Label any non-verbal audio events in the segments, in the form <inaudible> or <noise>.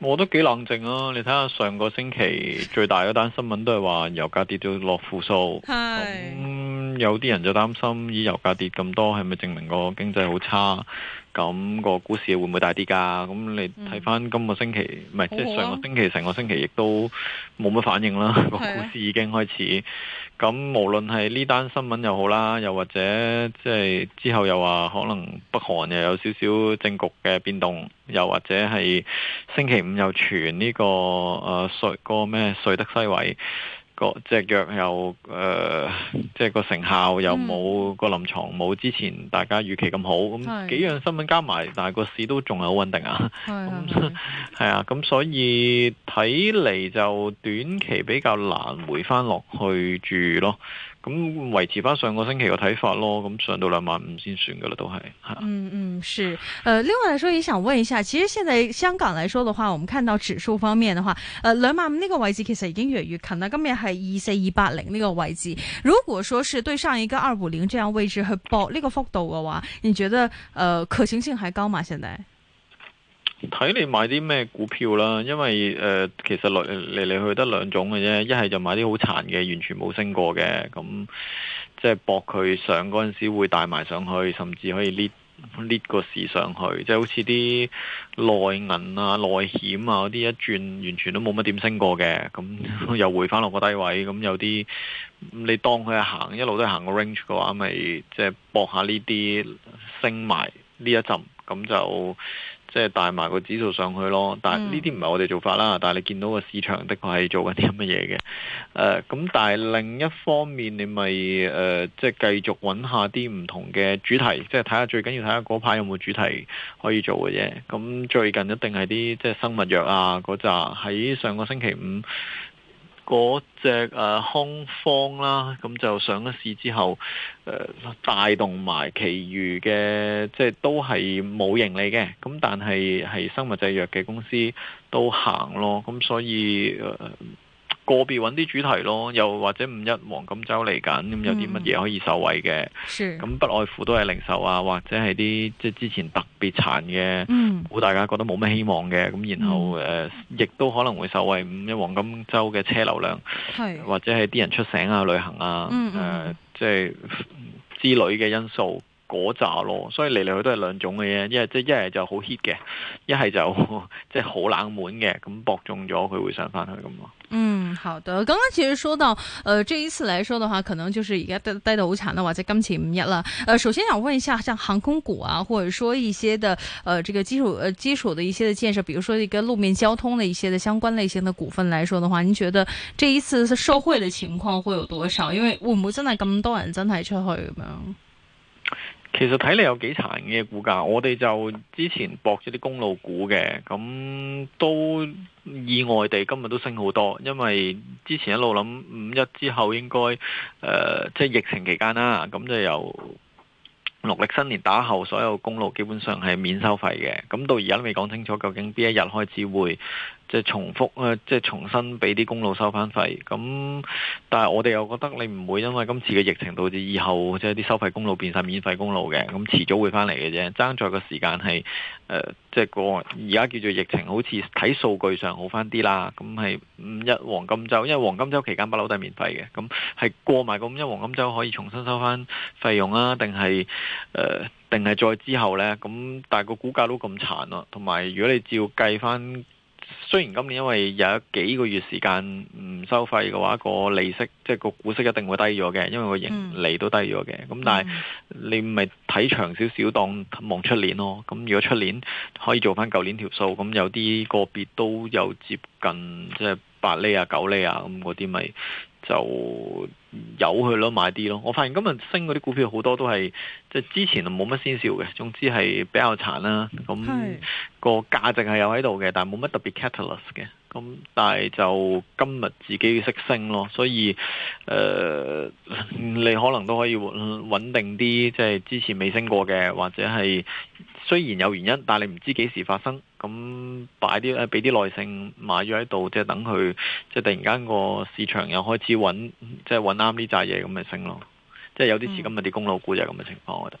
我都幾冷靜啊！你睇下上個星期最大嗰單新聞都係話油價跌到落負數，是嗯、有啲人就擔心以油價跌咁多係咪證明個經濟好差？咁個股市會唔會大啲噶、啊？咁你睇翻今個星期，唔係、嗯、不即係上個星期成、嗯、個星期亦都冇乜反應啦。嗯、個股市已經開始。咁的無論係呢單新聞又好啦，又或者即係之後又話可能北韓又有少少政局嘅變動，又或者係星期五又傳呢、這個誒瑞、呃、個咩瑞德西韋。個即係藥又誒，即係個成效又冇、嗯、個臨床冇之前大家預期咁好，咁幾樣新聞加埋，但係個市都仲係好穩定啊。係啊，咁所以睇嚟就短期比較難回翻落去住咯。咁維持翻上個星期嘅睇法咯，咁上到兩萬五先算噶啦，都係。嗯嗯，是，誒、呃，另外來說，也想問一下，其實現在香港來說的話，我們看到指數方面的話，誒、呃，兩萬五呢個位置其實已經越嚟越近啦，今日係二四二八零呢個位置。如果說是對上一個二五零這樣位置去搏呢個幅度嘅話，你覺得誒、呃、可行性還高嗎？現在？睇你買啲咩股票啦，因為誒、呃，其實來嚟嚟去得兩種嘅啫，一係就買啲好殘嘅，完全冇升過嘅，咁即係博佢上嗰陣時會帶埋上去，甚至可以 lift lift 個市上去，即係好似啲內銀啊、內險啊嗰啲一轉，完全都冇乜點升過嘅，咁又回返落個低位，咁有啲你當佢係行一路都係行個 range 嘅話，咪即係博下呢啲升埋呢一浸，咁就。即係帶埋個指數上去咯，但係呢啲唔係我哋做法啦。但係你見到個市場的確係做緊啲乜嘢嘅。咁、呃、但係另一方面，你咪誒、呃，即係繼續揾下啲唔同嘅主題，即係睇下最緊要睇下嗰排有冇主題可以做嘅啫。咁、嗯、最近一定係啲即係生物藥啊嗰扎。喺上個星期五。嗰隻啊康方啦，咁、呃、就上咗市之後，誒、呃、帶動埋其餘嘅，即、就、係、是、都係冇盈利嘅。咁但係係生物製藥嘅公司都行咯，咁所以誒。呃個別揾啲主題咯，又或者五一黃金周嚟緊，咁有啲乜嘢可以受惠嘅？咁、嗯、不外乎都係零售啊，或者係啲即係之前特別殘嘅，估大家覺得冇乜希望嘅，咁然後誒、嗯呃，亦都可能會受惠。五一黃金周嘅車流量，是或者係啲人出省啊、旅行啊，誒、嗯呃，即係之類嘅因素。嗰扎咯，所以嚟嚟去都係兩種嘅嘢。一係即一係就好 hit 嘅，一係就，一就呵呵即係好冷門嘅，咁博中咗佢會上翻去咁咯。嗯，好的。剛剛其實講到，呃，這一次嚟說的話，可能就是而家待待到好慘嘅，或者今次唔一樣啦。呃，首先想問一下，像航空股啊，或者說一些的，呃，這個基礎呃基礎的一些的建設，比如說一個路面交通的一些的相關類型的股份來說的話，您覺得這一次是受惠的情況會有多少？因為會唔會真係咁多人真係出去咁樣？其實睇嚟，有幾殘嘅股價，我哋就之前博咗啲公路股嘅，咁都意外地今日都升好多，因為之前一路諗五一之後應該，呃，即係疫情期間啦，咁就由農曆新年打後，所有公路基本上係免收費嘅，咁到而家都未講清楚究竟邊一日開始會。即係重複咧，即係重新俾啲公路收翻費。咁但係我哋又覺得你唔會因為今次嘅疫情導致以後即係啲收費公路變晒免費公路嘅。咁遲早會返嚟嘅啫。爭在個時間係誒、呃，即係過而家叫做疫情，好似睇數據上好翻啲啦。咁係五一黃金週，因為黃金週期間不嬲都係免費嘅。咁係過埋、個五一黃金週可以重新收翻費用啊？定係誒？定係再之後呢？咁但係個股價都咁殘咯。同埋如果你照計翻。雖然今年因為有幾個月時間唔收費嘅話，個利息即係個股息一定會低咗嘅，因為個盈利都低咗嘅。咁、嗯、但係你咪睇長少少當，望出年咯。咁如果出年可以做返舊年條數，咁有啲個別都有接近即係八厘啊、九厘啊咁嗰啲咪。那那就有去咯，買啲咯。我發現今日升嗰啲股票好多都係即係之前冇乜先兆嘅，總之係比較殘啦、啊。咁、個價值係有喺度嘅，但係冇乜特別的 catalyst 嘅。咁但係就今日自己要識升咯，所以誒、呃，你可能都可以穩定啲，即、就、係、是、之前未升過嘅，或者係。雖然有原因，但係你唔知幾時發生，咁擺啲誒，俾啲耐性買咗喺度，即係等佢，即係突然間個市場又開始揾，即係揾啱呢扎嘢咁咪升咯，即係有啲似今日啲公路股就係咁嘅情況，我覺得。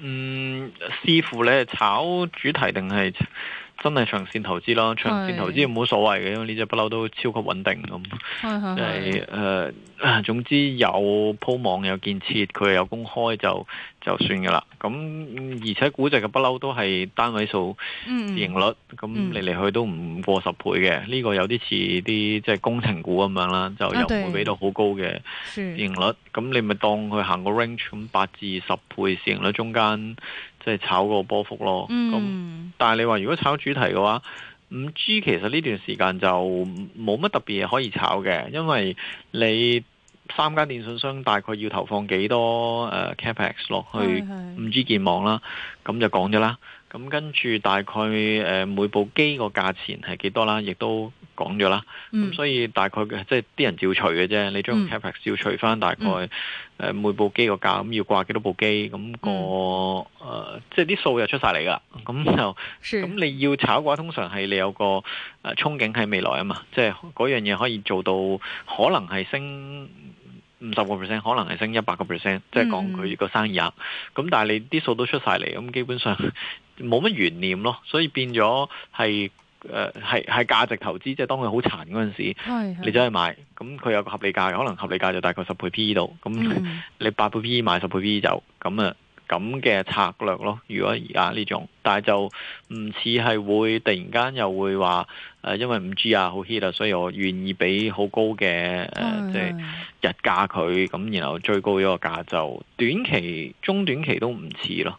嗯，視乎你係炒主題定係真係長線投資咯，長線投資冇所謂嘅，因為呢隻不嬲都超級穩定咁。係誒是、呃。總之有鋪網有建設，佢又有公開就就算噶啦。咁而且估值，嘅不嬲都係單位數市盈率，咁嚟嚟去都唔過十倍嘅。呢、嗯、個有啲似啲即係工程股咁樣啦，就又唔會俾到好高嘅市盈率。咁、啊、你咪當佢行個 range 咁八至十倍市盈率中間，即係炒個波幅咯。咁、嗯、但係你話如果炒主題嘅話，五 G 其實呢段時間就冇乜特別可以炒嘅，因為你三間電信商大概要投放幾多誒 CapEx 落去五 G 建網啦。是是是。咁就講咗啦，咁跟住大概誒、呃、每部機個價錢係幾多啦，亦都講咗啦。咁所以大概嘅、嗯、即係啲人照除嘅啫，你將 CapEx 照除翻大概誒、嗯呃、每部機個價，咁要掛幾多部機，咁、個誒、嗯呃、即係啲數又出晒嚟噶啦。咁就咁是你要炒嘅話，通常係你有個誒憧憬喺未來啊嘛，即係嗰樣嘢可以做到可能係升。五十個 percent 可能係升一百個 percent，即係講佢個生意額。咁、嗯、但係你啲數都出晒嚟，咁基本上冇乜懸念咯。所以變咗係誒係係價值投資，即係當佢好殘嗰陣時，是是你走去買，咁佢有個合理價，可能合理價就大概十倍 PE 度。咁你八倍 P E 買十倍 PE 就咁啊。咁嘅策略咯，如果而家呢種，但係就唔似係會突然間又會話，誒、呃、因為唔知啊好 hit 啦，所以我願意俾好高嘅誒即係日價佢，咁然後追高呢個價就短期、中短期都唔似咯。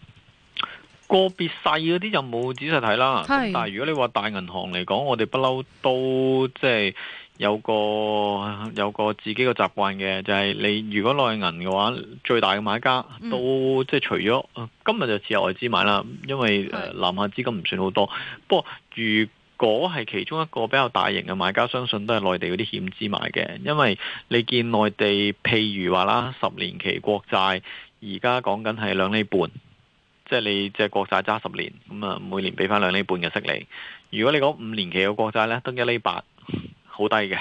個別細嗰啲就冇仔細睇啦，是但係如果你話大銀行嚟講，我哋不嬲都即係有個有個自己個習慣嘅，就係、是、你如果內銀嘅話，最大嘅買家都即係除咗今日就只有外資買啦，因為南下資金唔算好多。是不過如果係其中一個比較大型嘅買家，相信都係內地嗰啲險資買嘅，因為你見內地譬如話啦，十年期國債而家講緊係兩厘半。即係你只係國債揸十年，咁啊每年俾翻兩厘半嘅息你。如果你講五年期嘅國債呢，得一厘八，好低嘅。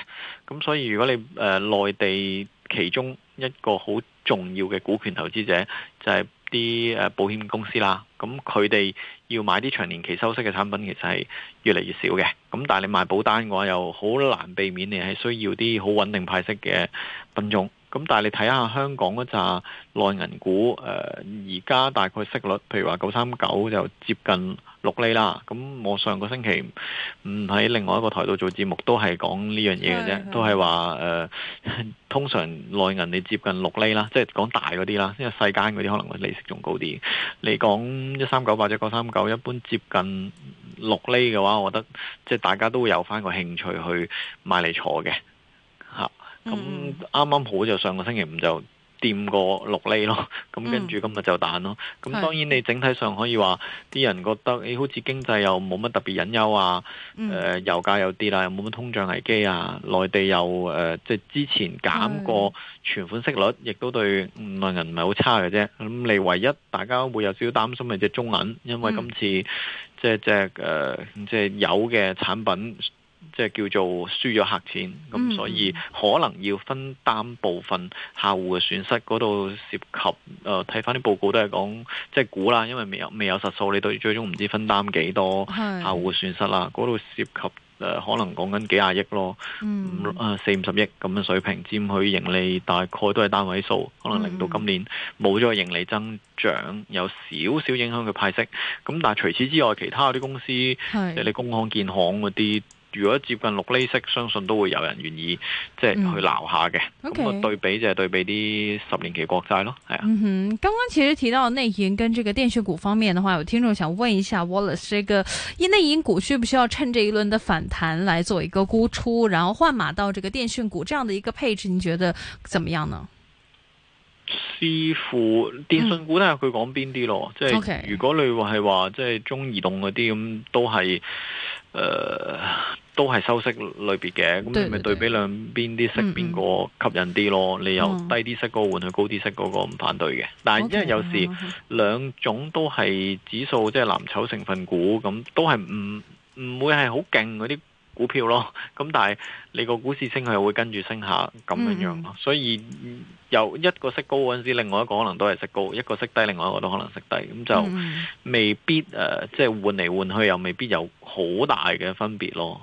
咁所以如果你誒、呃、內地其中一個好重要嘅股權投資者，就係啲誒保險公司啦。咁佢哋要買啲長年期收息嘅產品，其實係越嚟越少嘅。咁但係你賣保單嘅話，又好難避免你係需要啲好穩定派息嘅品種。咁但係你睇下香港嗰扎內銀股，誒而家大概息率，譬如話九三九就接近六厘啦。咁我上個星期唔喺另外一個台度做節目都，是是是都係講呢樣嘢嘅啫，都係話誒，通常內銀你接近六厘啦，即係講大嗰啲啦，因為細間嗰啲可能會利息仲高啲。你講一三九或者九三九，一般接近六厘嘅話，我覺得即係大家都會有翻個興趣去買嚟坐嘅。咁啱啱好就上個星期五就掂過六厘咯，咁跟住今日就彈咯。咁、嗯、當然你整體上可以話，啲是人覺得、哎、好似經濟又冇乜特別隱憂啊，誒、呃、油價又跌啦，又冇乜通脹危機啊？內地又誒即係之前減過存款息率，亦的都對內、嗯、銀唔係好差嘅啫。咁、嗯、你唯一大家會有少少擔心嘅就係中銀，因為今次、嗯呃、即係即誒即係有嘅產品。即係叫做輸咗客錢，咁所以可能要分擔部分客戶嘅損失，嗰度、嗯、涉及誒睇翻啲報告都係講即係估啦，因為未有未有實數，你對最終唔知分擔幾多客戶嘅損失啦，嗰度是 涉及誒、呃、可能講緊幾廿億咯，五、嗯、四五十億咁嘅水平，佔佢盈利大概都係單位數，可能令到今年冇咗個盈利增長，有少少影響佢派息。咁但係除此之外，其他啲公司，即係是 你工行、建行嗰啲。如果接近六厘息，相信都會有人願意即係、嗯、去鬧下嘅。咁啊，對比就係對比啲十年期國債咯，係啊。嗯哼。剛剛其實提到內銀跟這個電訊股方面嘅話，有聽眾想問一下 Wallace，這個內銀股需唔需要趁呢一輪嘅反彈嚟做一個沽出，然後換碼到這個電訊股這樣的，一個配置，你覺得怎麼樣呢？視乎電訊股，睇下佢講邊啲咯。即係、嗯 okay. 如果你話係話，即係中移動嗰啲咁，都係。誒、呃，都係收息類別嘅，咁你咪對比兩邊啲息邊、嗯嗯、個吸引啲咯？你由低啲息嗰，換去高啲息嗰個，唔反對嘅，但係因為有時兩種都係指數，即係藍籌成分股，咁都係唔唔會係好勁嗰啲。股票咯，咁但係你個股市升佢又會跟住升下咁樣樣咯，嗯、所以有一個升高嗰陣時，另外一個可能都係升高，一個升低，另外一個都可能升低，咁就未必誒、呃，即係換嚟換去又未必有好大嘅分別咯。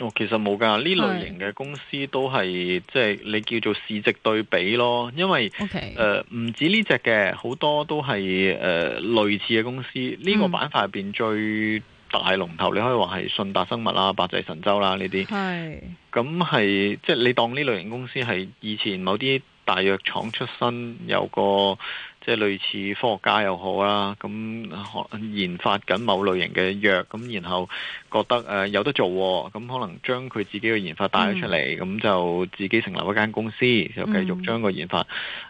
哦，其實冇㗎，呢類型嘅公司都係是即係你叫做市值對比咯，因為誒唔 Okay.、呃、止呢隻嘅，好多都係誒、呃、類似嘅公司。呢、這個板塊入邊最大龍頭，你可以話係信達生物啦、百濟神州啦呢啲。係，咁係是即係你當呢類型公司係以前某啲大藥廠出身有個。即係類似科學家又好啦，咁研發緊某類型嘅藥，咁然後覺得誒、呃、有得做、啊，咁可能將佢自己嘅研發帶咗出嚟，咁、mm hmm. 就自己成立一間公司，就繼續將個研發誒、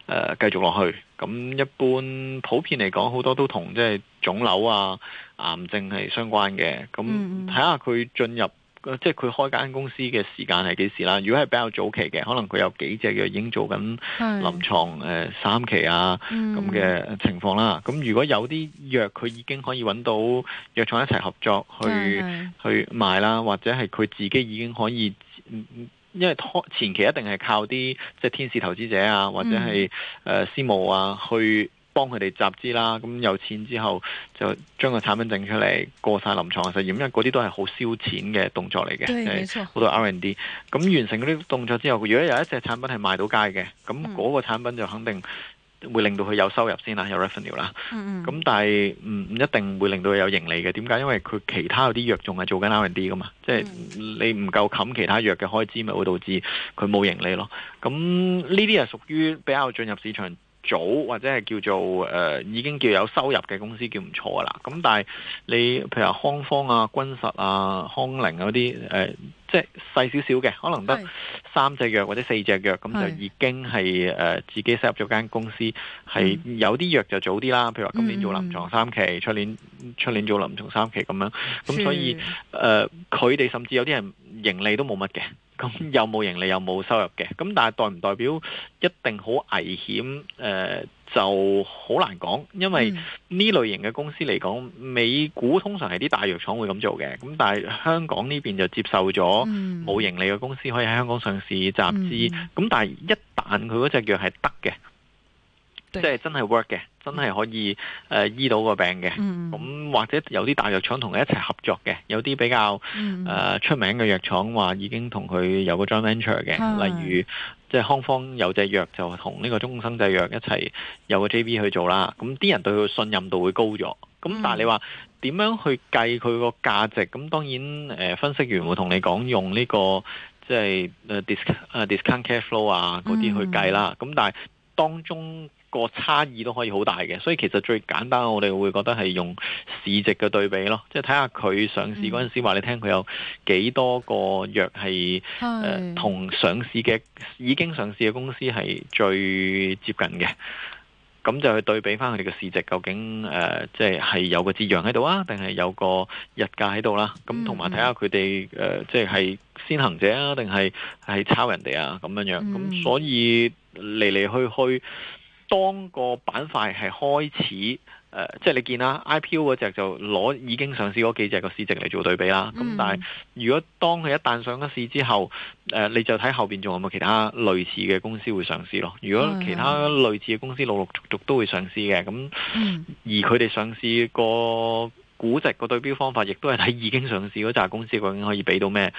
呃、繼續落去。咁、mm hmm. 一般普遍嚟講，好多都同即係腫瘤啊、癌症係相關嘅。咁睇下佢進入。即係佢開間公司嘅時間係幾時啦？如果係比較早期嘅，可能佢有幾隻藥已經做緊臨床誒是、呃、三期啊咁嘅、嗯、情況啦。咁如果有啲藥佢已經可以揾到藥廠一齊合作去去賣啦，或者係佢自己已經可以，因為前期一定係靠啲即係天使投資者啊，或者係誒、嗯呃、私募啊去，幫佢哋集資啦，咁有錢之後就將個產品整出嚟過晒臨床嘅實驗，因為嗰啲都係好燒錢嘅動作嚟嘅，好多 R&D。咁完成嗰啲動作之後，如果有一隻產品係賣到街嘅，咁嗰個產品就肯定會令到佢有收入先啦，有 revenue 啦。咁但係唔唔一定會令到佢有盈利嘅，點解？因為佢其他嗰啲藥仲係做緊 R&D 噶嘛，即係你唔夠冚其他藥嘅開支咪會導致佢冇盈利咯。咁呢啲係屬於比較進入市場。早或者係叫做誒、呃，已經叫有收入嘅公司叫唔錯噶啦，咁但係你譬如話康方啊、君實啊、康寧嗰啲誒。呃即係細少少嘅，可能得三隻藥或者四隻藥，咁是就已經係誒、呃、自己 set 入咗間公司，係是有啲藥就早啲啦。譬如話今年做臨床三期，出年、嗯嗯、出年做臨床三期咁樣，咁所以誒佢哋甚至有啲人盈利都冇乜嘅，咁又冇盈利又冇收入嘅，咁但係代唔代表一定好危險誒？呃就好難講，因為呢類型嘅公司嚟講，美股通常係啲大藥廠會咁做嘅。咁但係香港呢邊就接受咗冇盈利嘅公司可以喺香港上市集資。咁、嗯、但係一旦佢嗰隻藥係得嘅，即係對真係 work 嘅。真係可以誒醫到個病嘅，咁、嗯、或者有啲大藥廠同佢一齊合作嘅，有啲比較誒、嗯呃、出名嘅藥廠話已經同佢有個 joint venture 嘅，的例如即係康方有隻藥就同呢個中生製藥,藥一齊有一個 JV 去做啦。咁啲人對佢信任度會高咗。咁但係你話點樣去計佢個價值？咁當然誒、呃，分析員會同你講用呢、這個即係、uh, discount discount cash flow 啊嗰啲去計啦。咁、嗯、但係當中。個差異都可以好大嘅，所以其實最簡單我哋會覺得係用市值嘅對比咯，即係睇下佢上市嗰陣時話、嗯、你聽佢有幾多個藥係同、呃、是上市嘅已經上市嘅公司係最接近嘅，咁就去對比翻佢哋嘅市值究竟誒、呃、即係係有個折讓喺度啊，定係有個溢價喺度啦？咁同埋睇下佢哋誒即係先行者啊，定係係抄人哋啊咁樣樣？咁所以嚟嚟去去。嗯當個板塊係開始，誒、呃，即係你見啦，IPO 嗰隻就攞已經上市嗰幾隻個市值嚟做對比啦。咁、嗯、但係如果當佢一旦上咗市之後，誒、呃，你就睇後邊仲有冇其他類似嘅公司會上市咯。如果其他類似嘅公司陸陸續續都會上市嘅，咁、嗯嗯、而佢哋上市個。估值個對標方法，亦都係睇已經上市嗰扎公司究竟可以俾到咩誒、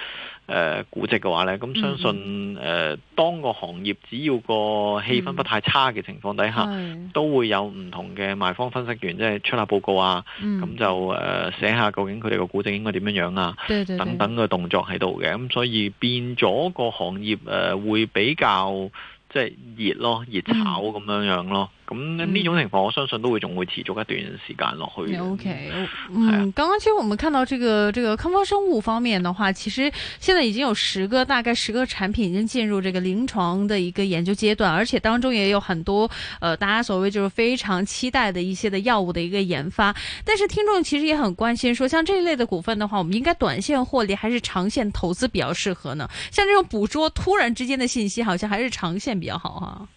呃、估值嘅話咧，咁相信誒、嗯呃，當個行業只要個氣氛不太差嘅情況底下，嗯、都會有唔同嘅賣方分析員即係出下報告啊，咁、嗯、就誒、呃、寫下究竟佢哋個估值應該點樣樣啊，對對對等等嘅動作喺度嘅，咁所以變咗個行業誒、呃、會比較即係熱咯，熱炒咁樣樣咯。嗯咁呢、嗯、種情況，我相信都會仲會持續一段時間落去。O K，嗯、啊、嗯，剛剛其實我們看到這個這個康方生物方面的話，其實現在已經有十個大概十個產品已經進入這個臨床的一個研究階段，而且當中也有很多，呃，大家所謂就是非常期待的一些的藥物的一個研發。但是聽眾其實也很關心說，說像這一類的股份的話，我們應該短線獲利還是長線投資比較適合呢？像這種捕捉突然之間的信息，好像還是長線比較好，哈。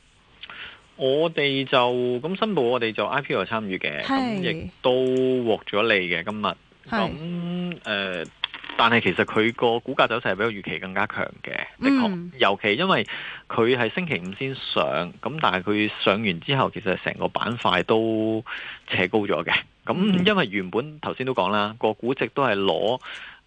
我哋就咁申報，新我哋就 IPO 又參與嘅，是亦都獲咗利嘅今日。咁誒是、呃，但係其實佢個股價走勢係比我預期更加強嘅，的確。嗯、尤其因為佢係星期五先上，咁但係佢上完之後，其實成個板塊都扯高咗嘅。咁因為原本頭先、嗯、都講啦，個估值都係攞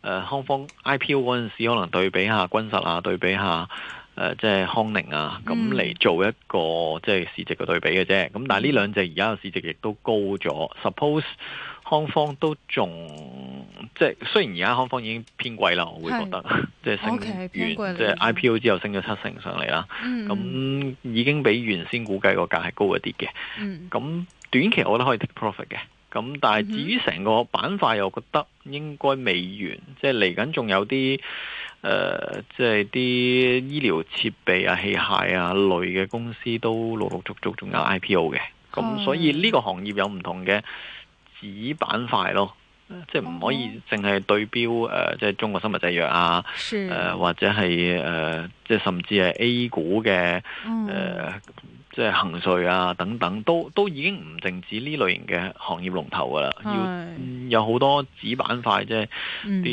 誒康方 IPO 嗰時，可能對比下君實啊，對比下。誒、呃，即係康寧啊，咁嚟做一個、嗯、即係市值嘅對比嘅啫。咁但係呢兩隻而家嘅市值亦都高咗。Suppose 康方都仲即係，雖然而家康方已經偏貴啦，我會覺得是即係升完，即係 IPO 之後升咗七成上嚟啦。咁、嗯、已經比原先估計個價係高一啲嘅。咁、嗯、短期我都可以 take profit 嘅。咁但係至於成個板塊，我覺得應該未完，即係嚟緊仲有啲，誒、呃，即係啲醫療設備啊、器械啊類嘅公司都陸陸續續仲有 IPO 嘅，咁的所以呢個行業有唔同嘅子板塊咯。即係唔可以淨係對標誒、呃，即係中國生物製藥啊，誒或者係誒，即係甚至係 A 股嘅誒、嗯呃，即係恒瑞啊等等，都都已經唔淨止呢類型嘅行業龍頭噶啦，要是、嗯、有好多子板塊，即係啲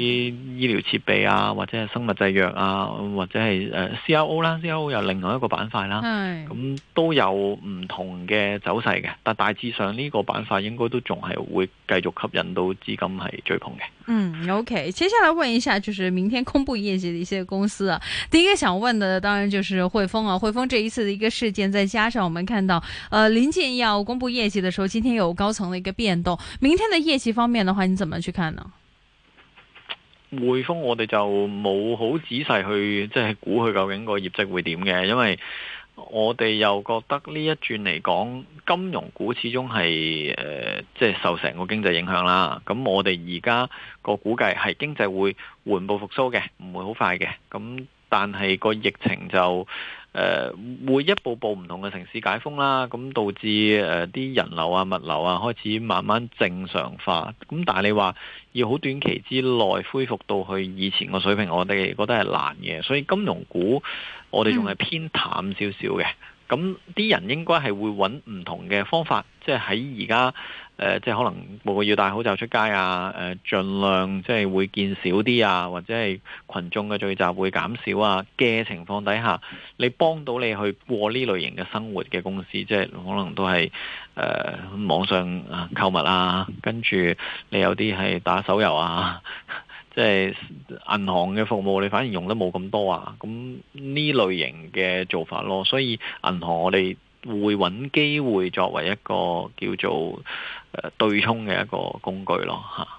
醫療設備啊，或者係生物製藥啊，或者係誒、呃、CRO 啦，CRO 又另外一個板塊啦，咁是、嗯、都有唔同嘅走勢嘅，但大致上呢個板塊應該都仲係會繼續吸引到資金。唔係追捧嘅。嗯，OK。接下來問一下，就是明天公佈業績的一些公司啊。第一個想問的當然就是匯豐啊。匯豐這一次的一個事件，再加上我們看到，呃，臨近要公佈業績的時候，今天有高層的一個變動。明天的業績方面的話，你怎麼去看呢？匯豐我哋就冇好仔細去即係估佢究竟個業績會點嘅，因為。我哋又覺得呢一轉嚟講，金融股始終係誒，即係受成個經濟影響啦。咁、嗯、我哋而家個估計係經濟會緩步復甦嘅，唔會好快嘅。咁、嗯、但係個疫情就誒、呃、會一步步唔同嘅城市解封啦，咁、嗯、導致誒啲、呃、人流啊、物流啊開始慢慢正常化。咁、嗯、但係你話要好短期之內恢復到去以前個水平，我哋覺得係難嘅。所以金融股，我哋仲係偏淡少少嘅，咁啲人應該係會揾唔同嘅方法，即係喺而家即係可能個個要戴口罩出街啊，誒、呃，盡量即係會見少啲啊，或者係群眾嘅聚集會減少啊嘅情況底下，你幫到你去過呢類型嘅生活嘅公司，即係可能都係誒、呃、網上購物啊，跟住你有啲係打手遊啊。即係銀行嘅服務，你反而用得冇咁多啊！咁呢類型嘅做法咯，所以銀行我哋會揾機會作為一個叫做誒、呃、對沖嘅一個工具咯，吓。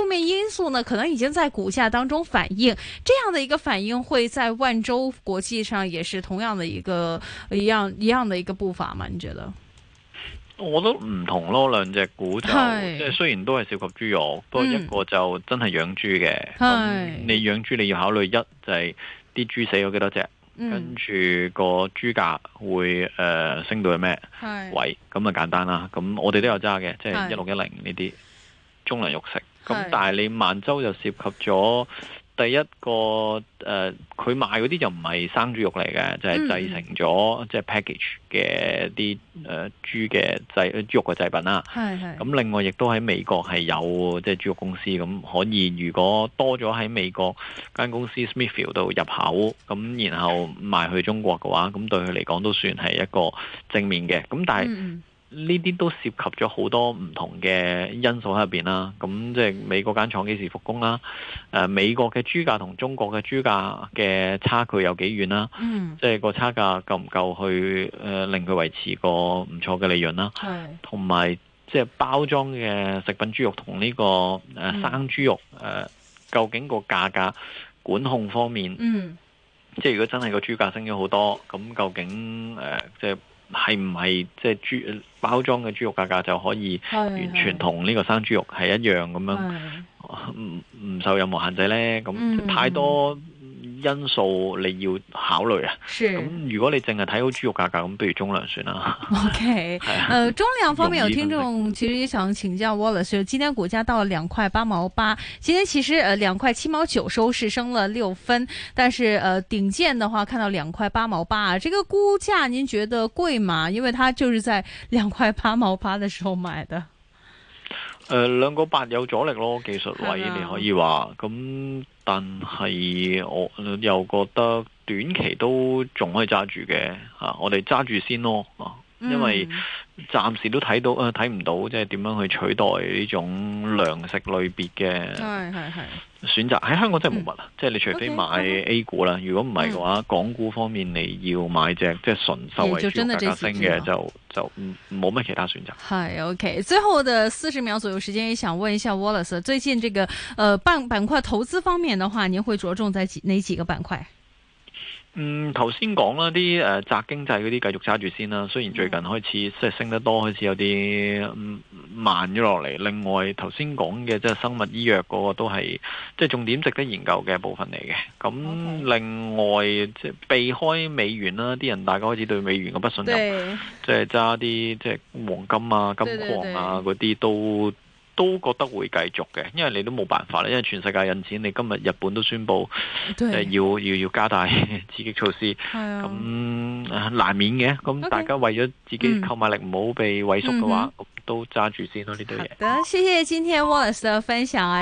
負面因素呢，可能已經在股價當中反映，這樣的一個反應會在萬洲國際上也是同樣的一個一樣一樣的一個步伐嘛？你覺得？我都唔同咯，兩隻股就即係雖然都係涉及豬肉，不過一個就真係養豬嘅，係你養豬你要考慮一就係啲豬死咗幾多隻，跟住個豬價會誒升到係咩位，喂，咁啊簡單啦。咁我哋都有揸嘅，即係一六一零呢啲中糧肉食。咁但係你萬洲就涉及咗第一個誒，佢賣嗰啲就唔係生豬肉嚟嘅，就係、是嗯呃、製成咗即係 package 嘅啲誒豬嘅製豬肉嘅製品啦。係係咁，另外亦都喺美國係有即係、就是、豬肉公司咁，可以如果多咗喺美國間公司 Smithfield 度入口，咁然後賣去中國嘅話，咁對佢嚟講都算係一個正面嘅。咁但係。嗯呢啲都涉及咗好多唔同嘅因素喺入邊啦，咁即係美國間廠幾時復工啦、啊？誒、呃，美國嘅豬價同中國嘅豬價嘅差距有幾遠啦？嗯，即係個差價夠唔夠去誒、呃、令佢維持個唔錯嘅利潤啦、啊？係是，同埋即係包裝嘅食品豬肉同呢、這個誒、呃、生豬肉誒、呃，究竟個價格管控方面？嗯，即係如果真係個豬價升咗好多，咁究竟誒即係？呃就是係唔係即係豬包裝嘅豬肉價格就可以完全同呢個生豬肉係一樣咁是是 樣？唔唔受任何限制咧？咁、嗯嗯嗯、太多。因素你要考慮啊，咁是如果你淨係睇好豬肉價格，咁不如中糧算啦。OK，係啊，誒，中糧方面有 <laughs> 聽眾其實也想請教 Wallace，今天股價到了兩塊八毛八，今天其實誒兩塊七毛九收市，升了六分，但是誒頂線的話，看到兩塊八毛八，這個估價您覺得貴嗎？因為它就是在兩塊八毛八的時候買的。誒、呃，兩個八有阻力咯，技術位你可以話咁。 <laughs> <laughs> <laughs> 但係我又覺得短期都仲可以揸住嘅，吓我哋揸住先咯，啊！因為暫時都睇到啊，睇、呃、唔到即係點樣去取代呢種糧食類別嘅選擇喺、哎哎哎哎、香港真係冇乜喇！嗯、即係你除非買 A 股啦，okay, 如果唔係嘅話，嗯、港股方面你要買隻即係純收益價價性嘅就就冇乜其他選擇。係、哎、OK，最後嘅四十秒左右時間，也想問一下 Wallace，最近這個呃板板塊投資方面的話，你會着重在幾哪幾個板塊？嗯，頭、呃、先講啦，啲誒宅經濟嗰啲繼續揸住先啦。雖然最近開始即係升得多，開始有啲、嗯、慢咗落嚟。另外，頭先講嘅即係生物醫藥嗰個都係即係重點值得研究嘅部分嚟嘅。咁另外即係 Okay. 避開美元啦、啊，啲人大家開始對美元嘅不信任，即係揸啲即係黃金啊、金礦啊嗰啲都。都覺得會繼續嘅，因為你都冇辦法啦，因為全世界印錢，你今日日本都宣布對、呃、要要要加大 <laughs> 刺激措施，咁、啊、難免嘅。咁大家為咗自己購買力唔好被萎縮嘅話、嗯嗯、都揸住先咯呢堆嘢。得，謝謝今天 Wallace 嘅分享啊。